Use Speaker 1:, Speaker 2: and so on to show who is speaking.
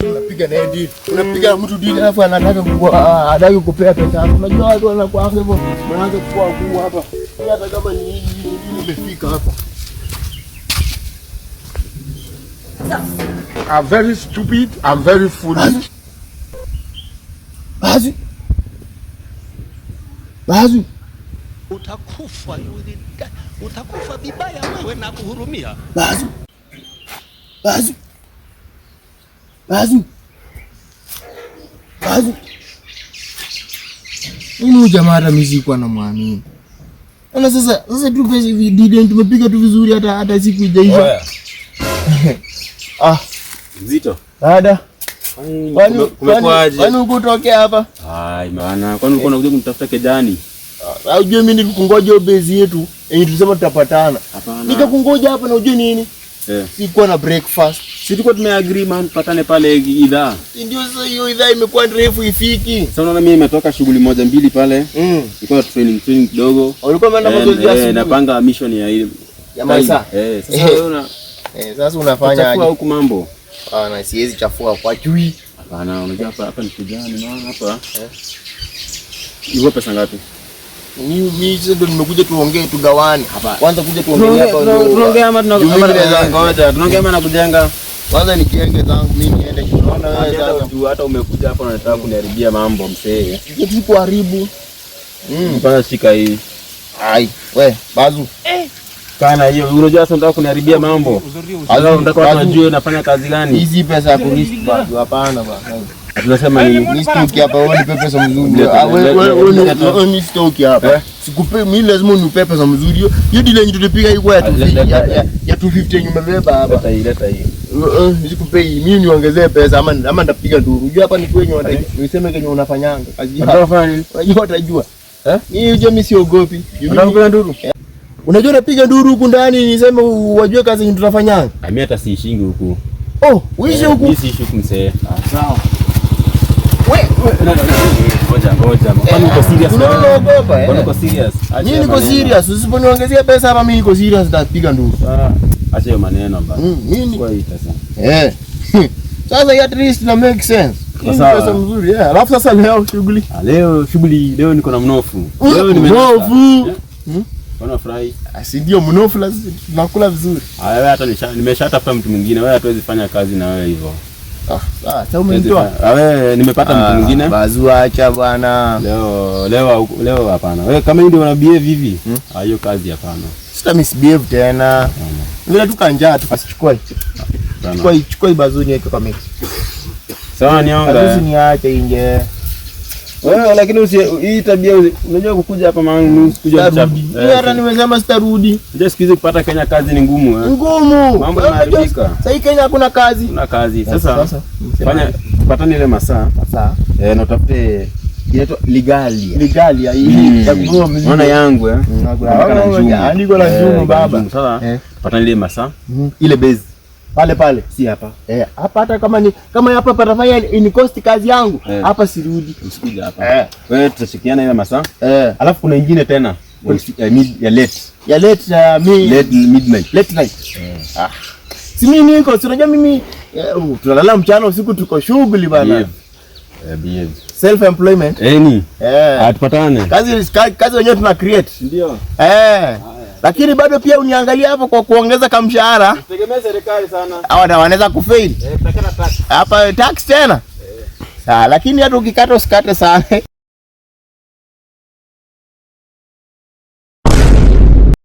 Speaker 1: Unapiga Unapiga mtu alafu anataka ah, ah, pesa. Unajua watu wanakuwa hivyo. Wanaanza hapa. Hata kama ni hii imefika hapa. I'm very stupid, I'm very foolish.
Speaker 2: Bazi. Bazi.
Speaker 3: Utakufa yule. Utakufa wewe
Speaker 2: Bazi. Bazi. Bazu. Bazu. Mimi jamaa hata mimi sikuwa namwamini. Ana sasa sasa tu pesa hivi dide tumepiga tu vizuri hata hata siku ijaisha.
Speaker 4: Ah, nzito.
Speaker 2: Dada. Kwani kwani uko tokea hapa?
Speaker 4: Ai maana kwani uko unakuja kunitafuta kejani?
Speaker 2: Ah, unajua mimi nilikungoja base yetu, yenye tulisema tutapatana. Nikakungoja hapa na unajua nini? Eh. Sikuwa na breakfast.
Speaker 4: Si tulikuwa agree man patane pale idha.
Speaker 2: Ndio sasa hiyo idha imekuwa ndefu ifiki.
Speaker 4: Sasa unaona mimi nimetoka shughuli moja mbili pale. Mm. Nilikuwa training training kidogo.
Speaker 2: Oh, ulikuwa maana mazoezi ya eh, siku.
Speaker 4: Napanga mission ya ile. Ya maisa. Eh, sasa eh. wewe una
Speaker 2: eh, sasa unafanya
Speaker 4: aje? huku mambo.
Speaker 2: Ah, na siwezi chafua kwa chui.
Speaker 4: Hapana, unajua hapa hapa ni kijani maana hapa. Eh. Hiyo pesa ngapi?
Speaker 2: Mimi sasa ndo nimekuja tuongee tugawane. Hapa. Kwanza kuja tuongee hapa.
Speaker 5: Tunaongea ama tunaongea ama na kujenga.
Speaker 2: Kwanza ni kienge zangu mimi niende
Speaker 5: kinaona wewe sasa. Juu hata umekuja hapa unataka kuniharibia mambo msee.
Speaker 2: Sije kuharibu.
Speaker 4: Mm, bana shika hii.
Speaker 2: Ai, we, bazu. Eh.
Speaker 5: Kana hiyo, unajua sasa unataka kuniharibia mambo. Sasa unataka unajua nafanya kazi gani?
Speaker 2: Hizi pesa ya kuriski bazu, hapana bwana
Speaker 4: tunasema ni
Speaker 2: stoki hapa, wewe nipe pesa mzuri, ah, wewe ni stoki hapa, eh? sikupe mimi, lazima unipe pesa mzuri. Hiyo hiyo dile yenyewe tulipiga hiyo ah, ya ya 250 yenyewe umebeba hapa,
Speaker 4: leta hii, leta hii,
Speaker 2: uh, uh, nisikupe mimi, niongezee pesa ama ama ndapiga nduru. Unajua hapa ni kwenye wanataka eh? niseme kenye unafanyanga, unafanya unajua, eh, mimi unajua, mimi siogopi.
Speaker 4: Unapiga nduru, eh?
Speaker 2: unajua, unapiga nduru huku ndani, niseme wajue kazi tunafanyanga.
Speaker 4: Mimi ah, hata siishingi huku.
Speaker 2: Oh, uishi huku, mimi
Speaker 4: siishi huku msee.
Speaker 2: Sawa. Mimi niko serious. Usiponiongezea pesa hapa mimi niko serious nitapiga nduru.
Speaker 4: Acha hiyo maneno bana.
Speaker 2: sasa. at least na make sense. Pesa mzuri Alafu sasa leo shughuli.
Speaker 4: Ah, leo shughuli, leo niko na mnofu.
Speaker 2: Mm, leo hmm? ah, Si ndio mnofu, tunakula vizuri.
Speaker 4: Ah, hata nimeshatafuta mtu mwingine. Wewe hatuwezi fanya kazi na wewe hivyo. Ah, ah, ah, nimepata mtu mwingine
Speaker 2: bazua, acha bwana.
Speaker 4: Leo leo leo, hapana. Wewe kama ndio una behave hivi, hmm? hiyo kazi hapana.
Speaker 2: Sita miss tena, vile tu kanjaa tu, pasichukua chukua chukua bazu nyeke kwa mix
Speaker 4: sawa, nianga
Speaker 2: ni acha inje wewe lakini usi hii tabia unajua kukuja hapa maana ni kuja mchapi. Mimi hata eh, nimesema sitarudi.
Speaker 4: Unajua siku hizi kupata Kenya kazi ni ngumu eh.
Speaker 2: Ngumu. Mambo yanaharibika. Sasa hii Kenya hakuna kazi.
Speaker 4: Kuna kazi. Sasa sasa fanya patane ile masaa. Masaa. Eh, na utafute
Speaker 2: inaitwa ligali.
Speaker 4: Ligali hii hmm. ya kuvua mzigo. Maana yangu eh. Yaani
Speaker 2: na kuna eh, Andiko la jumu baba.
Speaker 4: Sasa eh. patane ile masaa. Hmm. Ile base
Speaker 2: pale pale, si hapa eh, hapa. Hata kama ni kama hapa parafaya ni cost kazi yangu eh. hapa, sirudi
Speaker 4: usikuje hapa eh. Wewe tutashikiana ile masaa eh, alafu kuna nyingine tena ya eh, mid ya late
Speaker 2: ya late ya mi
Speaker 4: late midnight
Speaker 2: late night eh. Ah, si mimi niko si unajua mimi eh, uh, tunalala mchana, usiku tuko shughuli bana eh, bien self employment eh, ni eh,
Speaker 4: atupatane
Speaker 2: kazi kazi wenyewe tuna create ndio eh ah lakini bado pia uniangalia hapo kwa kuongeza kamshahara,
Speaker 4: tegemea serikali sana,
Speaker 2: hawa wanaweza kufail eh, hapa eh, tax tena. Sawa, eh. ah, lakini hata ukikata usikate sana.